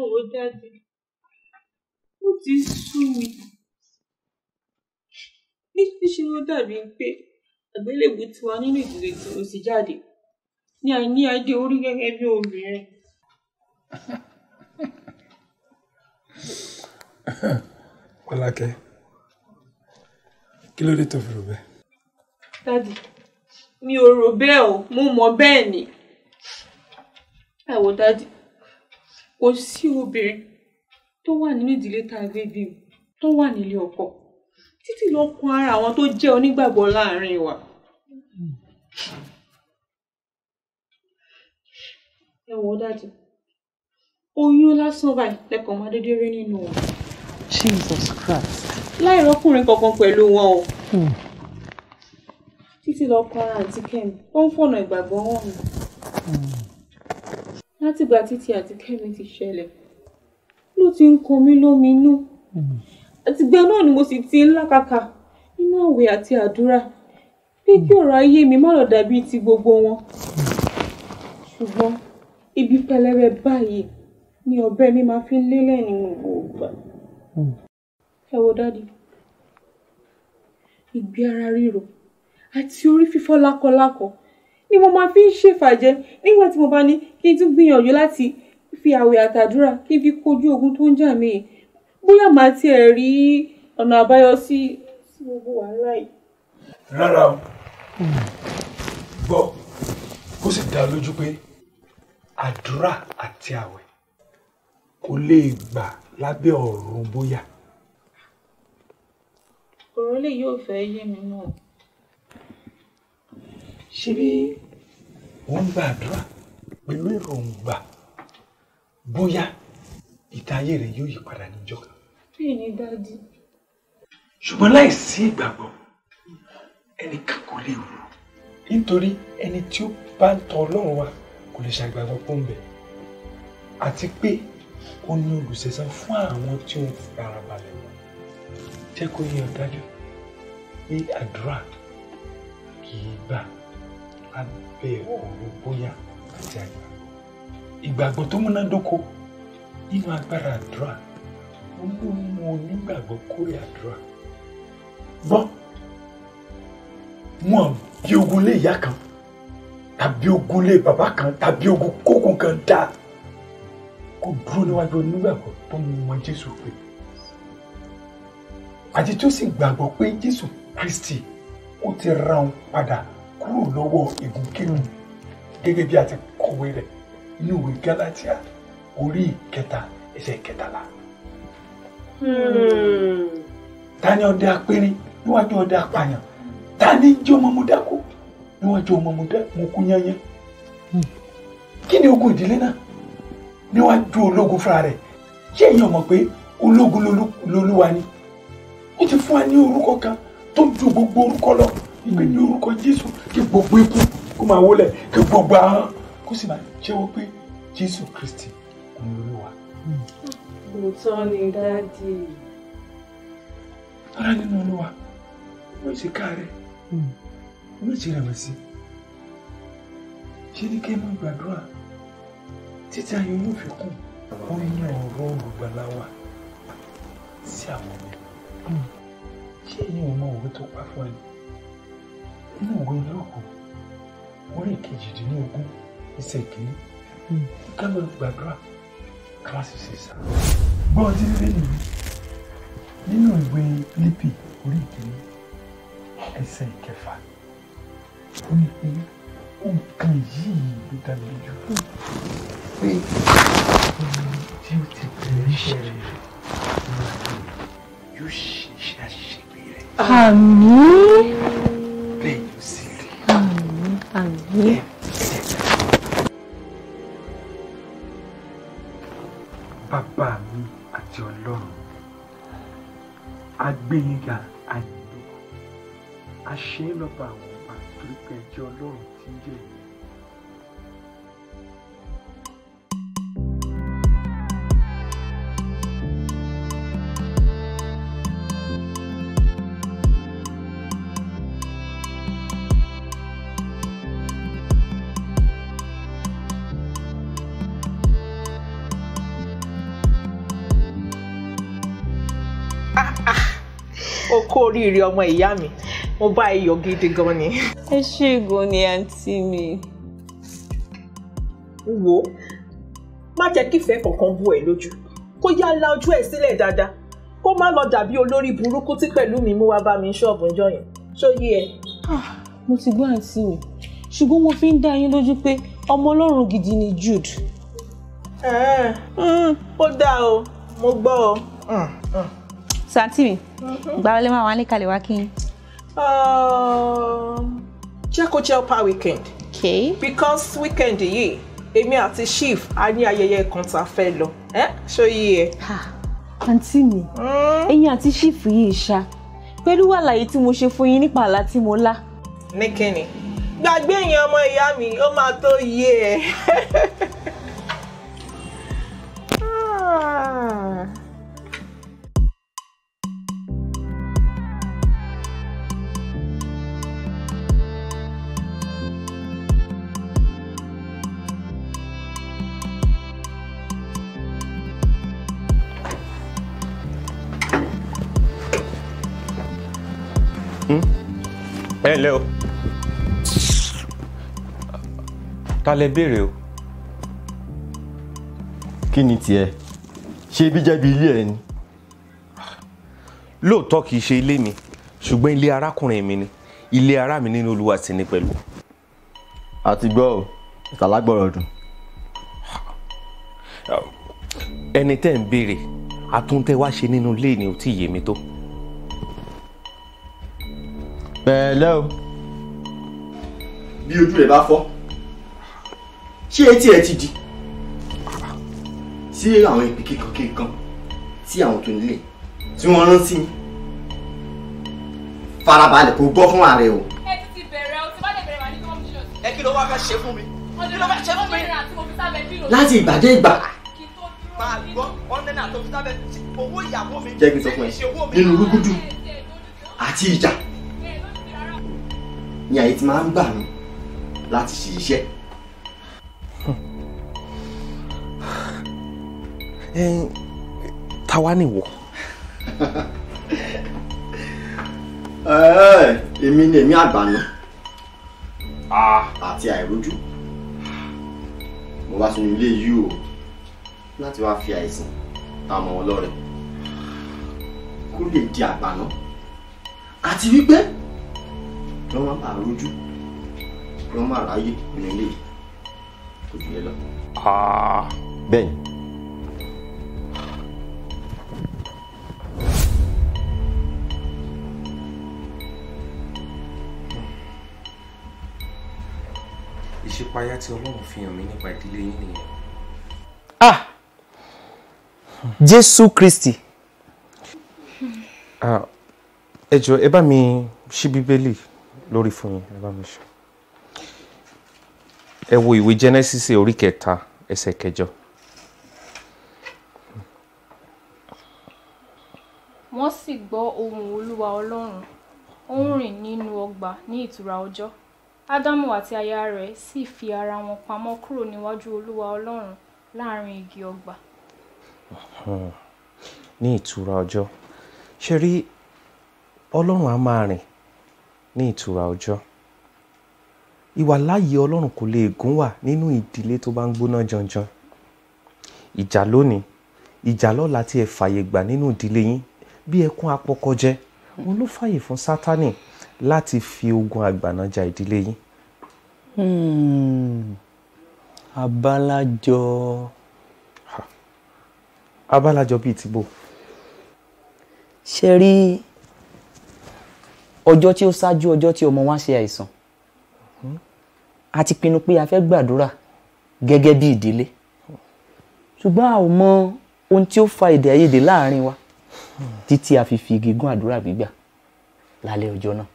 Owó jáde. Ó ti sú mi. Níṣẹ́ ló dàbí pé àgbélébù ti wà nínú ìdílé tí mo sì jáde. Ní àìní ajé orí gẹ́gẹ́ bí obìnrin. Pọ́lákẹ́, kí ló dé tó fi rò bẹ́ẹ̀? Dádì, mi ò rò bẹ́ẹ̀ o, mo mọ̀ ni. Ẹ wo kò sí obìnrin tó wà nínú ìdílé tá a gbé bí tó wà nílé ọkọ títí lọ kọ ara àwọn tó jẹ́ onígbàgbọ́ láàrin wa. ẹ wò ó dájú oyún lásán báyìí lẹkọọ máa dédé rí nínú wọn. Jesus Christ. láì rọ́kùnrin kankan pẹ̀lú wọn o. Hmm. títí lọ kọ ara àti kẹ́mi ó ń fọ̀nà ìgbàgbọ́ wọn mi látìgbà títí àti kẹ́mi ti ṣẹlẹ̀ ló ti ń kan mí lóminú àtìgbà náà ni mo sì ti ń làkàkà nínú àwẹ̀ àti àdúrà pé kí ọ̀rọ̀ ayé mi má lọ dàbí ti gbogbo wọn ṣùgbọ́n ibi pẹlẹbẹ báyìí ni ọ̀bẹ mi máa fi ń lélẹ̀ ní gbogbo ìgbà ẹ wo dáàdi ìgbé ara ríro àti orí fífọ́ lákọlákọ ni mo máa fi ń ṣèfàjẹ́ nígbà tí mo bá ní kí n tún gbìyànjú láti fi àwẹ̀ àtàdúrà kí n fi kojú ogun tó ń jà mí bóyá màá tiẹ̀ rí ọ̀nà àbáyọ sí gbogbo wàhálà yìí. rárá o gbọ́ kó sì dá lójú pé àdúrà àti àwẹ̀ kò lè gbà lábẹ́ ọ̀run bóyá. ọ̀rọ̀ yóò fẹ́ yé mi náà ṣebí wọ́n ń gbàdúrà pẹ̀lú èròǹgbà bóyá ìta ayé rẹ̀ yóò yí padà níjọ́ kan. bẹ́ẹ̀ ni dájú. ṣùgbọ́n láìsí ìgbàgbọ́ ẹnìkan kò lè wù ú nítorí ẹni tí ó bá ń tọ ọlọ́run wa kò lè ṣàgbàgbọ́ pọ́n bẹ́ẹ̀ àti pé ó ní olùṣẹ̀san fún àwọn tí ó ń fara balẹ̀ wọn jẹ́ kó yé ọ dájú pé àdúrà kì í gbà abẹ́ ọ̀rọ̀ bóyá àti àgbà ìgbàgbọ́ tó múnádóko nínú agbára àdúrà ó mú mú onígbàgbọ́ kórè àdúrà gbọ́ wọn bí ogun lé ìyá kan tàbí ogun lé bàbá kan tàbí ogun kókun kan dá kó dúró níwájú onígbàgbọ́ tó mọ Jésù pé àti tó sì gbàgbọ́ pé Jésù Kristi ó ti ra òun padà kúrò lọ́wọ́ ìgúnkínu gẹ́gẹ́ bí a ti kọ̀wé rẹ̀ nínú ìwé Gálátíà orí ìkẹta ẹsẹ̀ ìkẹtàlá. ta ni ọdẹ apẹrin níwájú ọdẹ apààyàn ta ni jẹ́ ọmọ mu dákú níwájú ọmọ mu kú yányán kí ni ogun ìdílé náà níwájú ológun fúnra rẹ̀ ṣé èèyàn mọ̀ pé ológun lolúwa ni ó ti fún wa ní orúkọ kan tó ju gbogbo orúkọ lọ ìpè ní orúkọ jésù kí gbogbo ikú kó máa wólẹ̀ kí gbogbo ahọ́n kó sì máa jẹ́wọ́ pé jésù kristi kò ní olúwa. lóòótọ́ ni dáàdì. rárá nínú olúwa wọ́n ṣe káàárẹ̀ wọ́n hmm. ṣe rẹ̀wẹ̀sì ṣé ní kí ẹ máa gbàdúrà títí ayọ̀ yóò fi kún ó ní ọ̀rọ̀ olùgbàlà wa sí àwọn ọmọ hmm. ṣé èyí ò mọ òwe tó pa fún ẹni nínú ìwé olóògùn orí kejìdínlógún ẹsẹ̀ kìíní hmm. ká lọ gbàdúrà kíláàsì sísá gbọ́ ọtí bíbélì mi nínú ìwé Fílípì orí ìkíní ẹsẹ̀ ìkẹfà ó ní pé nǹkan yìí ló dá mi lójú pé ọmọ tí ó ti bẹ̀rẹ̀ iṣẹ́ rẹ̀ yóò ṣe iṣẹ́ àṣìṣe rẹ̀. àmín. gbé yín ga àyè ló àṣẹ lọ́ba àwọn ọba ẹjọ́ ọlọ́run ti ń jẹ́ oríire ọmọ ìyá mi mo bá ẹ yọ̀ gidi gan ni. ẹ ṣe gan ni àǹtí mi. wo má jẹ́ kífẹ̀ẹ́ kankan bú ẹ lójú kó yá la ojú ẹ sílẹ̀ dáadáa kó má lọ dàbí olórí burúkú tí pẹ̀lú mi mú wá bá mi ṣọ́ọ̀bù ńjọ́ yẹn ẹ. Ah, mo ti gbọ́ àǹtí mi ṣùgbọ́n mo fi ń dá yín lójú pé ọmọ ọlọ́run gidi ni Jude. Mm. ó dáa o mo gbọ́ ọ so àǹtí mi ìgbà mm-hmm. wọlé máa wà ní kalẹ̀ wá kí n. Um, jẹ́ kó jẹ́ upper weekend. okay. because weekend yìí èmi àti chief a ní ayẹyẹ kan tá a fẹ́ lọ ṣó yí ẹ. àǹtí mi hmm? ẹ̀yin àti chief yìí ṣá pẹ̀lú wàlàyé tí mo ṣe fún yín nípa àlá tí mo lá. ní kíni gbàgbé yẹn ọmọ ìyá mi ó máa tó yé ẹ. ẹ lẹ́ o ta lẹ béèrè o. kí ni tiẹ̀ ṣé ibi jẹ́bi ilé ẹ ni. lóòótọ́ kì í ṣe ilé mi ṣùgbọ́n ilé arákùnrin mi ni ilé ara mi nínú olúwa sì ni pẹ̀lú. àti gbọ́ ò ìtàlágbọ̀rọ̀ dùn. ẹni tẹ́ ń béèrè àtúntẹ́ wá ṣe nínú ilé ni ò tí ì yé mi tó pẹ̀lẹ́ o. bí ojú rẹ̀ bá fọ́ ṣé etí ẹ ti di sí àwọn ibi kíkankíkan tí àwọn tó nílé tí wọ́n rán sí mi farabalẹ̀ kò gbọ́ fún ààrẹ o. ẹ ti ti bẹ̀rẹ̀ o ti bá lè bẹ̀rẹ̀ wà ní commission. ẹ kí ló wá fẹ́ ṣe fún mi. kí ló fẹ́ ṣe fún mi. láti ìgbà dé ìgbà. máa gbọ́ ọ̀nẹ́ náà tó fi sábẹ́ owó ìyàwó mi. jẹ́ kí n sọ fún ẹ nínú rúgúdù àti ìjà ni àyè ti máa ń gbà mí láti ṣe iṣẹ́. ta wá nìwọ. èmi ni èmi àgbàna ah. àti àìrójú mo bá sunu ilé yìí o láti wá fi àìsàn ta mọ́ ọlọ́rẹ̀ kó lè di àgbàna àti wípé kí wọ́n má bàa rojú kí wọ́n má ráyè nínú ilé yìí kò jù yẹn lọ. bẹ́ẹ̀ ni. ìṣípayá tí ọlọ́run fi hàn mí nípa ìdílé yín nìyẹn. ah jésù kristi ah, ẹ jọ̀ọ́ ẹ bá mi ṣí bíbélì lórí fún yín ẹ bá mi ṣe. ẹ wo ìwé Genesis orí kẹta ẹsẹ̀ kẹjọ. wọ́n sì gbọ́ ohùn olúwa ọlọ́run ó ń rìn nínú ọgbà ní ìtura ọjọ́ ádámù àti aya rẹ̀ sì fi ara wọn pamọ́ kúrò níwájú olúwa ọlọ́run láàrin igi ọgbà. ní ìtura ọjọ́ ṣe rí ọlọ́run á máa rìn ní ìtura ọjọ́ ìwàláyé ọlọ́run kò lè gún wà nínú ìdílé tó bá ń gbóná janjan ìjà lónìí ìjà lọ́la tí ẹ fàyè gbà nínú ìdílé yín bí ẹkún apọkọjẹ wọn ló fàyè fún sátánì láti fi ogun àgbànájà ìdílé yín. Hmm. abálájọ. abálájọ bíi tìbò. ṣe rí. Sherry ọjọ́ tí ó ṣáájú ọjọ́ tí ọmọ wa ṣe àìsàn hmm. a ti pinnu pé a fẹ́ gbàdúrà gẹ́gẹ́ bí ìdílé ṣùgbọ́n a ò mọ ohun tí ó fa èdè àìyedè láàrin wa títí a fi fi igi gún àdúrà gbígbà lálẹ́ ọjọ́ náà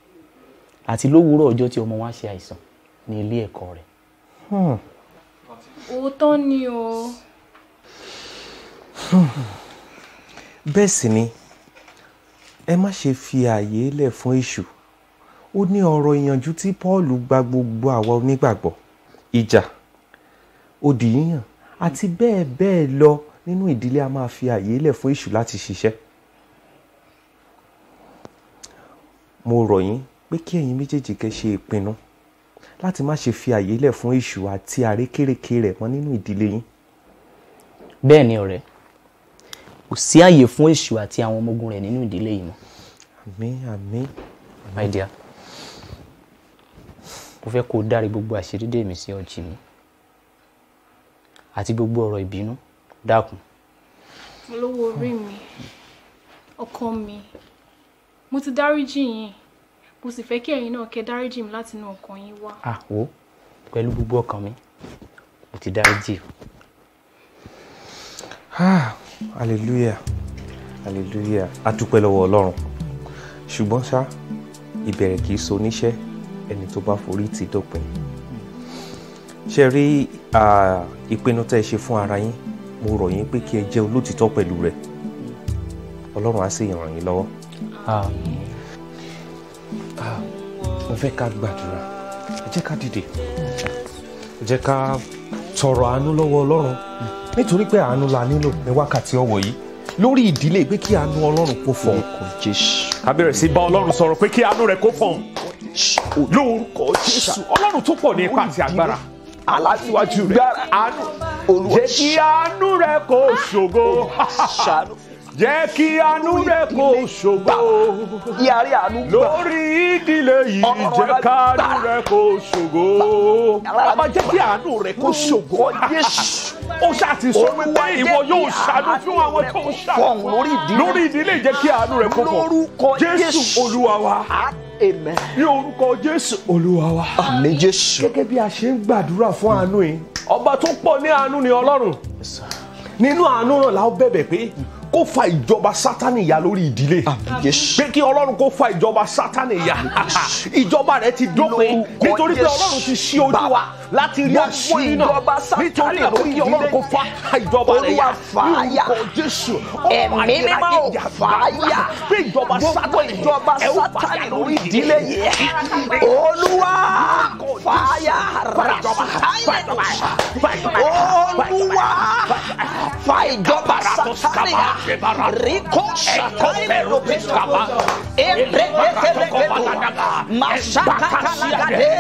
àti lówùúrọ̀ ọjọ́ tí ọmọ wa ṣe àìsàn ní ilé ẹ̀kọ́ rẹ̀. Hmm. òótọ́ ni o. Hmm. bẹ́ẹ̀ sì ni ẹ má ṣe fi ààyè lẹ̀ fún èṣù ó ní ọ̀rọ̀ ìyànjú tí Paul gba gbogbo àwa onígbàgbọ́ ìjà òdì yíyàn àti bẹ́ẹ̀ bẹ́ẹ̀ lọ nínú ìdílé a máa fi ààyè lẹ̀ fún èṣù láti ṣiṣẹ́ mo rọ̀ yín pé kí ẹ̀yin méjèèjì kẹ́ ṣe ìpinnu láti má ṣe fi ààyè lẹ̀ fún èṣù àti àrékérekè rẹ̀ mọ́ nínú ìdílé yín. bẹ́ẹ̀ ni ọ̀rẹ́ kò sí àyè fún èṣù àti àwọn ọmọ ogun rẹ̀ nínú ìdílé yìí mọ́. àmín àmín. my dear mo fẹ́ kó o dárí gbogbo àṣírí dè mí sí ọjì mi àti gbogbo ọ̀rọ̀ ìbínú dákun. olówó orí mi ọkọ mi mo ti dáríjì yín mo sì fẹ́ kí ẹ̀yin náà kẹ́ dáríjì mi látinú ọkàn yín wá. àwo ah, pẹ̀lú gbogbo ọkàn mi mo ti dáríjì hallelujah hallelujah a dúpẹ́ lọ́wọ́ ọlọ́run ṣùgbọ́n ṣá ìbẹ̀rẹ̀ kì í so níṣẹ́ ẹni tó bá forí tì dópin ṣe rí ìpinnu tẹ́ ẹ ṣe fún ara yín mo rọ̀ yín pé kí ẹ jẹ́ olótìtọ́ pẹ̀lú rẹ̀ ọlọ́run á sì ràn yín lọ́wọ́. mo fẹ́ ká gbàdúrà ẹ jẹ́ ká dìde ẹ jẹ́ ká tọrọ àánú lọ́wọ́ ọlọ́run. Mm nítorí pé àánú la nílò ní wákàtí ọ̀wọ̀ yìí lórí ìdílé pé kí àánú ọlọ́run kó fọ̀n. ká bẹ̀rẹ̀ sí bá ọlọ́run sọ̀rọ̀ pé kí àánú rẹ̀ kó fọ̀n. lórúkọ jésù ọlọ́run tó pọ̀ ní ipa àti agbára aláṣíwájú rẹ̀ àánú jẹ́ kí àánú rẹ̀ kó ṣògo jẹ́ kí àánú rẹ kó ṣògo lórí ìdílé yìí jẹ́ kí àánú rẹ kó ṣògo. bàbá jẹ́ kí àánú rẹ kó ṣògo yéṣu. ó ṣàti sọ wípé ìwọ yóò ṣàánú fún àwọn tó ń ṣàánú lórí ìdílé jẹ́ kí àánú rẹ kó pọ̀ jésù olúwa Amen. Ní orúkọ Jésù Olúwa wa. Àmín Jésù. Gẹ́gẹ́ bí a ṣe ń gbàdúrà fún àánú yìí, ọba tó pọ̀ ní àánú ni Ọlọ́run. Nínú àánú náà la ó bẹ̀bẹ̀ pé kó fa ìjọba sátani ya lórí ìdílé pé kí ọlọ́run kó fa ìjọba sátani ya ìjọba rẹ ti dópin nítorí pé ọlọ́run ti ṣí ojú wa láti rí àṣírí náà nítorí àwọn ìdílé kò fa ìjọba rẹ̀ yá fàáyà jésù ẹ̀mí mímọ́ ò fàáyà gbogbo ìjọba sátani lórí ìdílé yẹ olúwa fàáyà olúwa fa ìjọba sátani ríkò sátani lórí ìjọba ẹ̀rẹ́dẹ́gbẹ̀rẹ́gbẹ̀rẹ́ màṣákàkàlàdé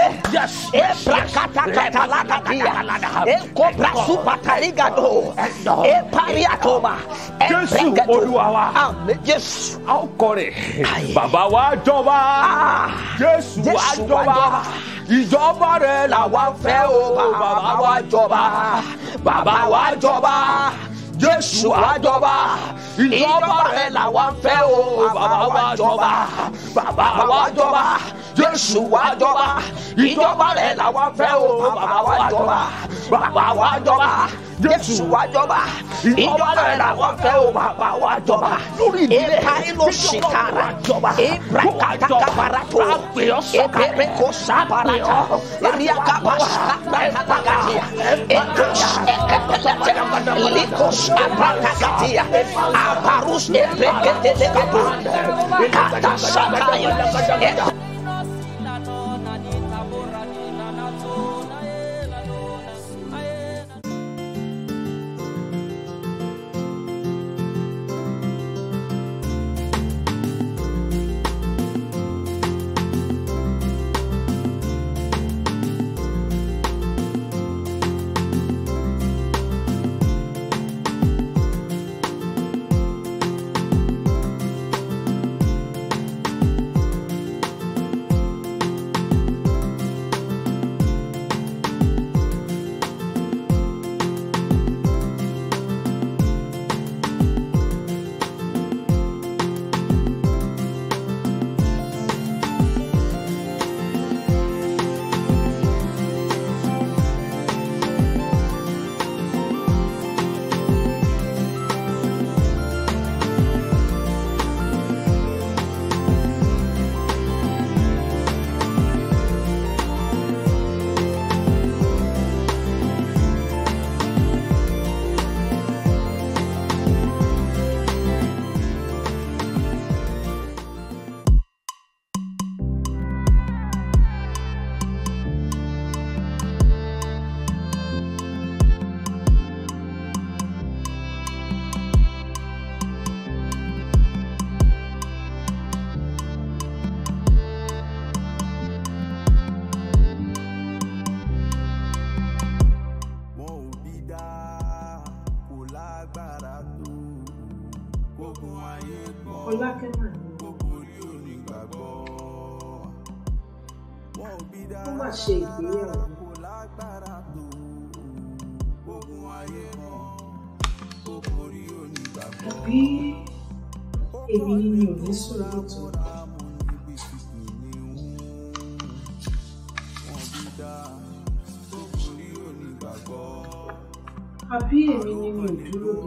ẹ̀brakàtà. Eh, eh, eh, jésù olúwa wa a ó kọrin bàbá wa jọba ah. jésù wa jọba ìjọba rẹ làwa fẹ́ o bàbá wa jọba bàbá wa jọba jésù àjọba ìjọba rẹ làwa ń fẹ́ o bàbá wa jọba bàbá wa jọba jésù wa jọba ìjọba rẹ làwa ń fẹ́ o bàbá wa jọba bàbá wa jọba jésù wá jọba ìjọba rẹ làwọn fẹ́ o bàbá wa jọba ìka inú ṣìkara ìbrakàtàkàbàrà tó ìbẹ̀rẹ̀ kò sábàrà tó ìrìà kàbà sàbàkàtìyà ìkàṣà ẹ̀kẹ́pẹ̀lẹ́pẹ̀lẹ́ ìlíkò sàbàkàtìyà àbárùs ìbẹ̀kẹ̀tẹ̀lẹ́kàbà kàtà sàbàyà ẹ̀kọ́.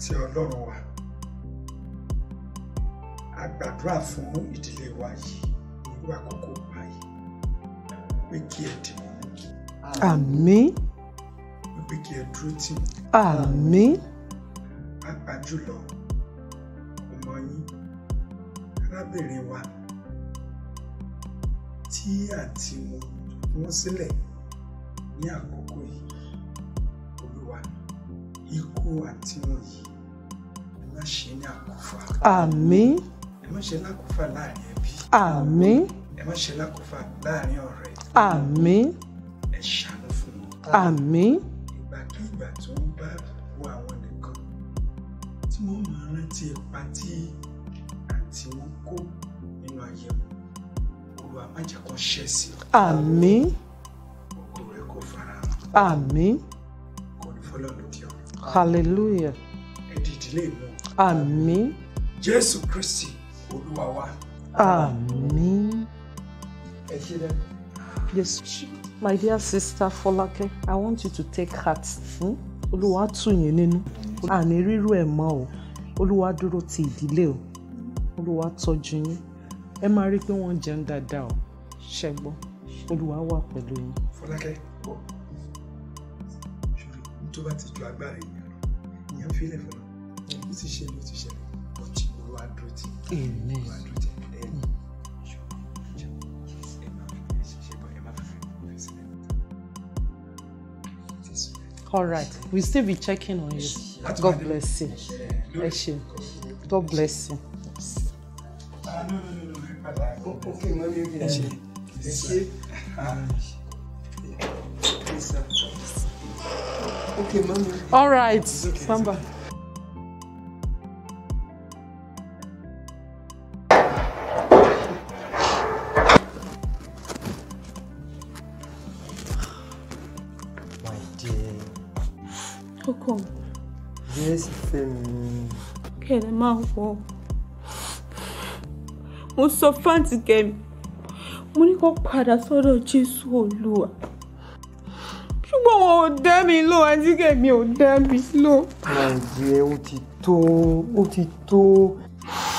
àti ọlọ́run wa a gbàdúrà fún ìdílé wa yìí irú àkókò báyìí pé kí ẹ dì wọ́n mú kí. àmín. pé kí ẹ dúró tì wọ́n. àmín. pàápàá jùlọ ọmọ yín arábìnrin wa tí àti wọn wọn sílẹ̀ ní àkókò yìí olúwa ikú àti wọn yìí má ṣe ní àkúfà. àmín. ẹ má ṣe lákúfà láàrin ẹbí. àmín. ẹ má ṣe lákúfà láàrin ọ̀rẹ́. àmín. ẹ ṣàánú fún mi. àmín. ìgbàkigbà tó ń bá wo àwọn nìkan tí wọ́n máa rántí ipa tí àǹtí wọn kó nínú ayé wọn olúwa má jẹ́ kó ṣẹ̀ sí i. àmín. ògo rẹ kó fara hàn. àmín. kò ní fọlọ́ọ̀lù di ọ. hallelujah. ẹ dìdílé mi àmín. jésù kristi olúwa wa. àmín. ẹ ṣe dẹ. yes my dear sister Folake, i want you to take heart fún hmm? olúwa tù yín nínú àní rírú ẹ̀ mọ́ o olúwa dúró ti ìdílé o olúwa tọ́jú yín ẹ máa rí i pé wọ́n jẹun dáadáa o ṣẹ́gbọ́n olúwa wà pẹ̀lú yín. Fọlákẹ́ bọ ṣòro tó bá ti ju agbára ènìyàn lọ ènìyàn fi lè ti ṣe ló ti ṣẹlẹ̀ ọtí olúwa dúró tì olúwa dúró tì ẹni. All right, we'll still be checking on you. God bless you. Bless you. God bless you. no, no, no, no. Okay, no, you get it. Okay, mommy. All right, Samba. Okay. ẹ̀ lè máa wọ̀ mo sọ fáǹtì kẹ́mi mo ní kó padà sọ́dọ̀ jésù olúwa ṣùgbọ́n wọn ò dá mi lò àǹtí kẹ́mi ò dá mi lò. màjì ó ti tó ó ti tó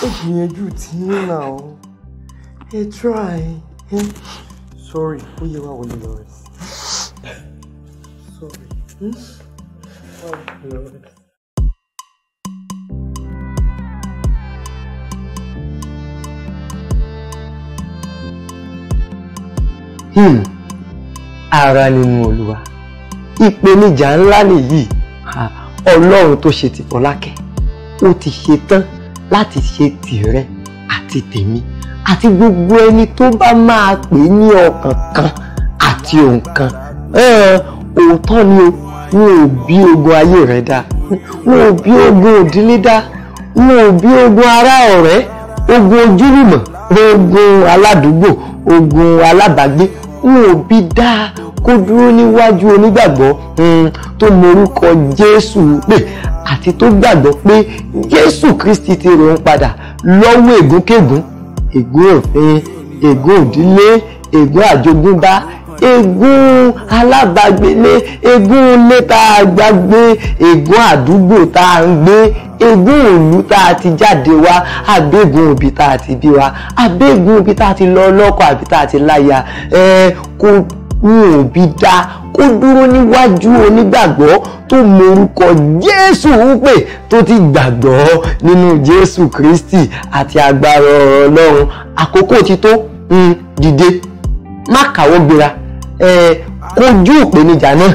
ó gbìyànjú tí ń nà ó ẹ try ẹ sorry ó yẹ wá wọlé lọ rẹ sorry. Hmm? Oh, Lord. Hmm. ara nínú olúwa ìpèníjà ńlá nìyí ọlọ́run tó ṣe ti fọlákẹ́ ó ti ṣe tán láti ṣe tìrẹ àti tèmi àti gbogbo ẹni tó bá máa pè ní ọkàn kan àti òǹkan òótọ́ ni o wọn ò bí ogun ayé rẹ dá wọn ò bí ogun òdílé dá wọn ò bí ogun ará ọ̀rẹ́ ogun ojúlùmọ̀ ogun aládùúgbò ogun alábàágbé n ò bí dáa kó dúró níwájú onígbàgbọ́ hmm, tó morúkọ Jésù pé àti tó gbàgbọ́ pé Jésù Kristi ti ròun padà lọ́wọ́ ègúnkégún ègún òfin ègún òdílé ègún àjogúnbá ègún alábàgbélé ègún ilé tá a gbà gbé ègún àdúgbò tá a ń gbé ègún òlú tá a ti jáde wá àbẹ́gun òbí tá a ti bí wa àbẹ́gun òbí tá a ti lọ lọ́kọ àbí tá a ti láya ẹ kò ní òbí dá kó dúró níwájú onígbàgbọ́ tó morúkọ jésù ń pè tó ti gbàgbọ́ nínú jésù kristi àti agbára ọlọ́run àkókò ti tó ń dìde má káwọ́ gbéra kojú ìpèníjà náà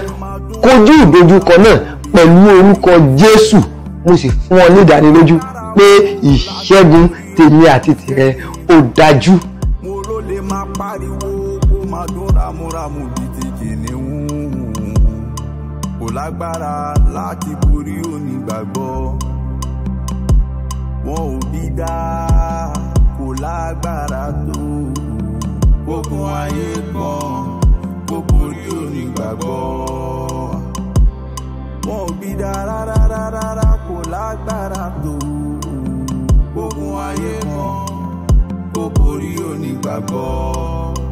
kojú ìdojúkọ náà pẹ̀lú orúkọ jésù mo sì fún ọ ní ìdánilójú pé ìṣẹ́gun tèmi àti tìrẹ ó dájú. mo ló lè máa pariwo kó máa dún ramúramù bíi ti kìnìún kò lágbára láti borí onígbàgbọ́ wọn ò bí dá kò lágbára tó gbogbo ayé kan kò borí onígbàgbọ́ wọn ò bí dá rárá lágbára tó. ogun ayé mọ́ kó borí onígbàgbọ́.